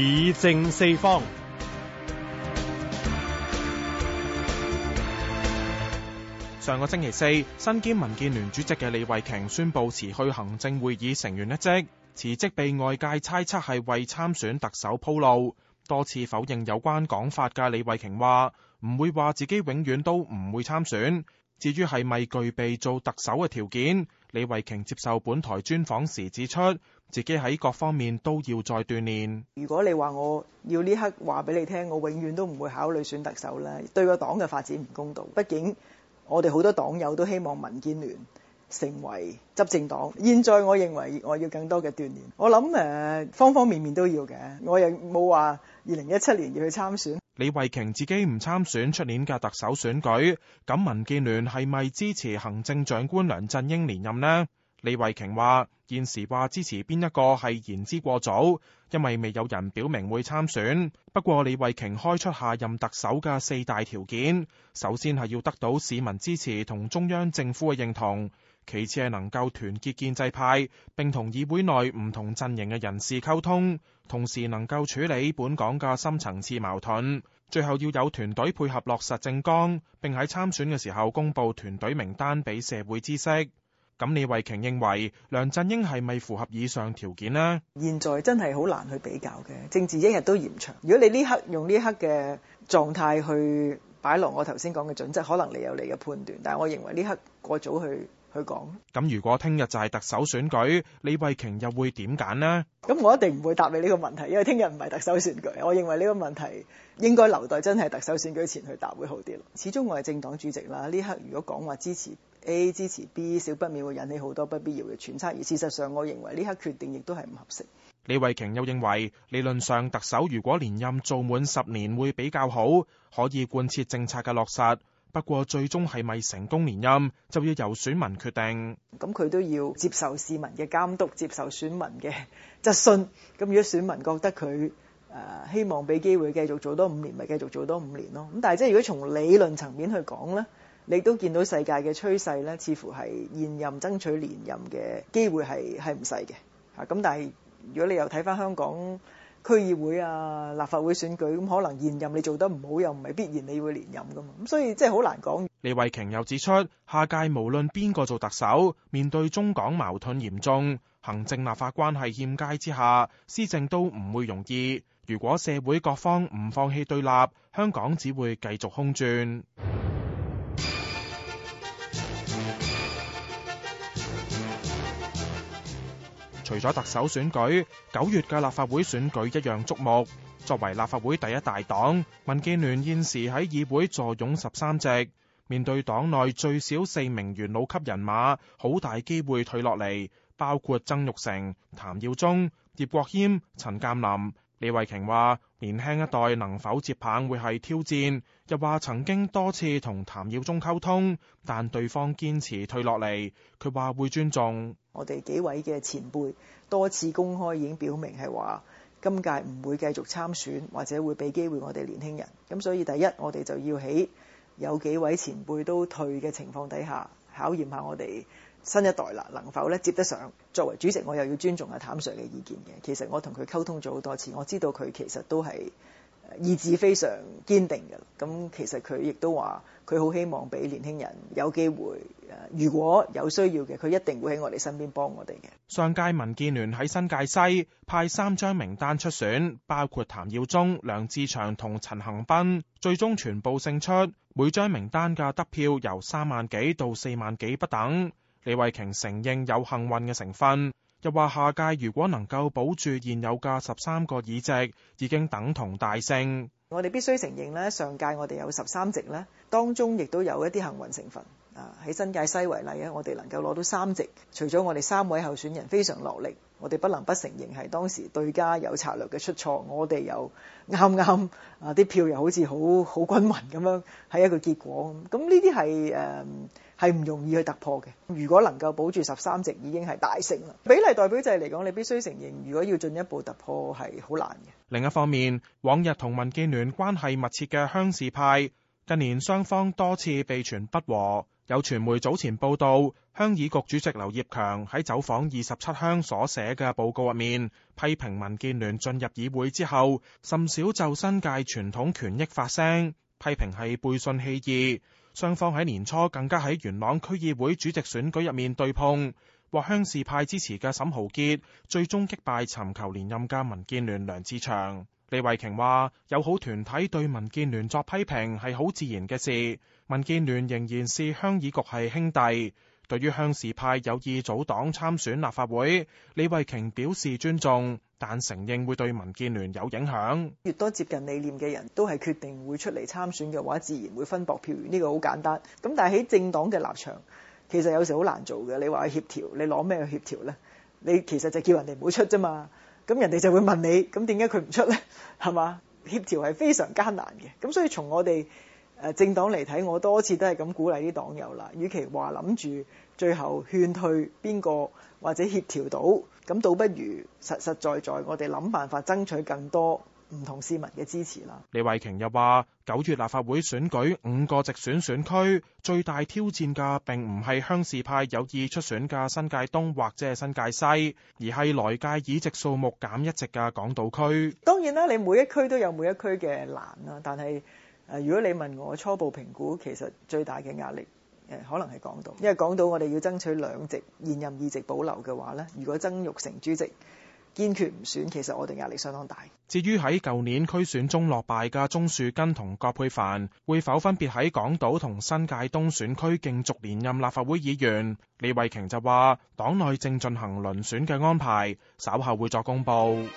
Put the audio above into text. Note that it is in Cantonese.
議政四方。上個星期四，身兼民建聯主席嘅李慧瓊宣布辭去行政會議成員一職，辭職被外界猜測係為參選特首鋪路。多次否認有關講法嘅李慧瓊話：唔會話自己永遠都唔會參選。至於係咪具備做特首嘅條件？李慧瓊接受本台專訪時指出，自己喺各方面都要再鍛鍊。如果你話我要呢刻話俾你聽，我永遠都唔會考慮選特首啦，對個黨嘅發展唔公道。畢竟我哋好多黨友都希望民建聯成為執政黨。現在我認為我要更多嘅鍛鍊。我諗誒，方方面面都要嘅。我又冇話二零一七年要去參選。李慧瓊自己唔參選出年嘅特首選舉，咁民建聯係咪支持行政長官梁振英連任呢？李慧瓊話：現時話支持邊一個係言之過早，因為未有人表明會參選。不過李慧瓊開出下任特首嘅四大條件，首先係要得到市民支持同中央政府嘅認同。其次係能夠團結建制派，並同議會內唔同陣營嘅人士溝通，同時能夠處理本港嘅深層次矛盾。最後要有團隊配合落實政綱，並喺參選嘅時候公布團隊名單俾社會知識。咁李慧瓊認為梁振英係咪符合以上條件呢？現在真係好難去比較嘅，政治一日都嫌長。如果你呢刻用呢刻嘅狀態去擺落我頭先講嘅準則，可能你有你嘅判斷。但係我認為呢刻過早去。佢講：咁如果聽日就係特首選舉，李慧瓊又會點揀呢？咁我一定唔會答你呢個問題，因為聽日唔係特首選舉。我認為呢個問題應該留待真係特首選舉前去答會好啲。始終我係政黨主席啦，呢刻如果講話支持 A 支持 B，少不免會引起好多不必要嘅揣測。而事實上，我認為呢刻決定亦都係唔合適。李慧瓊又認為，理論上特首如果連任做滿十年會比較好，可以貫徹政策嘅落實。不過最終係咪成功連任，就要由選民決定。咁佢都要接受市民嘅監督，接受選民嘅質詢。咁如果選民覺得佢誒、呃、希望俾機會繼續做多五年，咪繼續做多五年咯。咁但係即係如果從理論層面去講咧，你都見到世界嘅趨勢咧，似乎係現任爭取連任嘅機會係係唔細嘅。吓咁，但係如果你又睇翻香港。區議會啊，立法會選舉咁，可能現任你做得唔好，又唔係必然你會連任噶嘛，咁所以即係好難講。李慧瓊又指出，下屆無論邊個做特首，面對中港矛盾嚴重、行政立法關係欠佳之下，施政都唔會容易。如果社會各方唔放棄對立，香港只會繼續空轉。除咗特首選舉，九月嘅立法會選舉一樣觸目。作為立法會第一大黨，民建聯現時喺議會坐擁十三席，面對黨內最少四名元老級人馬，好大機會退落嚟，包括曾玉成、譚耀宗、葉國謙、陳鑑林。李慧瓊話：年輕一代能否接棒會係挑戰，又話曾經多次同譚耀宗溝通，但對方堅持退落嚟。佢話會尊重。我哋幾位嘅前輩，多次公開已經表明係話今屆唔會繼續參選，或者會俾機會我哋年輕人。咁所以第一，我哋就要喺有幾位前輩都退嘅情況底下，考驗下我哋。新一代啦，能否咧接得上？作為主席，我又要尊重阿譚 Sir 嘅意見嘅。其實我同佢溝通咗好多次，我知道佢其實都係意志非常堅定嘅。咁其實佢亦都話，佢好希望俾年輕人有機會，如果有需要嘅，佢一定會喺我哋身邊幫我哋嘅。上屆民建聯喺新界西派三張名單出選，包括譚耀宗、梁志祥同陳恆斌，最終全部勝出。每張名單嘅得票由三萬幾到四萬幾不等。李慧瓊承認有幸運嘅成分，又話下屆如果能夠保住現有嘅十三個議席，已經等同大勝。我哋必須承認呢，上屆我哋有十三席呢，當中亦都有一啲幸運成分啊！喺新界西為例啊，我哋能夠攞到三席，除咗我哋三位候選人非常落力，我哋不能不承認係當時對家有策略嘅出錯，我哋又啱啱啊啲票又好似好好均匀咁樣，係一個結果。咁呢啲係誒。嗯係唔容易去突破嘅。如果能夠保住十三席，已經係大勝啦。比例代表制嚟講，你必須承認，如果要進一步突破係好難嘅。另一方面，往日同民建聯關係密切嘅鄉事派，近年雙方多次被傳不和。有傳媒早前報道，鄉議局主席劉業強喺走訪二十七鄉所寫嘅報告入面，批評民建聯進入議會之後，甚少就新界傳統權益發聲，批評係背信棄義。雙方喺年初更加喺元朗區議會主席選舉入面對碰，獲鄉事派支持嘅沈豪傑最終擊敗尋求連任嘅民建聯梁志祥。李慧瓊話：友好團體對民建聯作批評係好自然嘅事，民建聯仍然視鄉議局係兄弟。對於鄉事派有意組黨參選立法會，李慧瓊表示尊重，但承認會對民建聯有影響。越多接近理念嘅人都係決定會出嚟參選嘅話，自然會分薄票源，呢個好簡單。咁但係喺政黨嘅立場，其實有時好難做嘅。你話去協調，你攞咩去協調呢？你其實就叫人哋唔好出啫嘛。咁人哋就會問你，咁點解佢唔出呢？係嘛？協調係非常艱難嘅。咁所以從我哋。政黨嚟睇，我多次都係咁鼓勵啲黨友啦。與其話諗住最後勸退邊個或者協調到，咁倒不如實實在在，在我哋諗辦法爭取更多唔同市民嘅支持啦。李慧瓊又話：九月立法會選舉五個直選選區最大挑戰嘅並唔係鄉事派有意出選嘅新界東或者係新界西，而係來屆議席數目減一席嘅港島區。當然啦，你每一區都有每一區嘅難啦，但係。誒，如果你問我初步評估，其實最大嘅壓力誒，可能係港島，因為港島我哋要爭取兩席現任議席保留嘅話咧，如果曾鈺成主席堅決唔選，其實我哋壓力相當大。至於喺舊年區選中落敗嘅鍾樹根同葛珮帆會否分別喺港島同新界東選區競逐連任立法會議員？李慧瓊就話：黨內正進行遴選嘅安排，稍後會作公佈。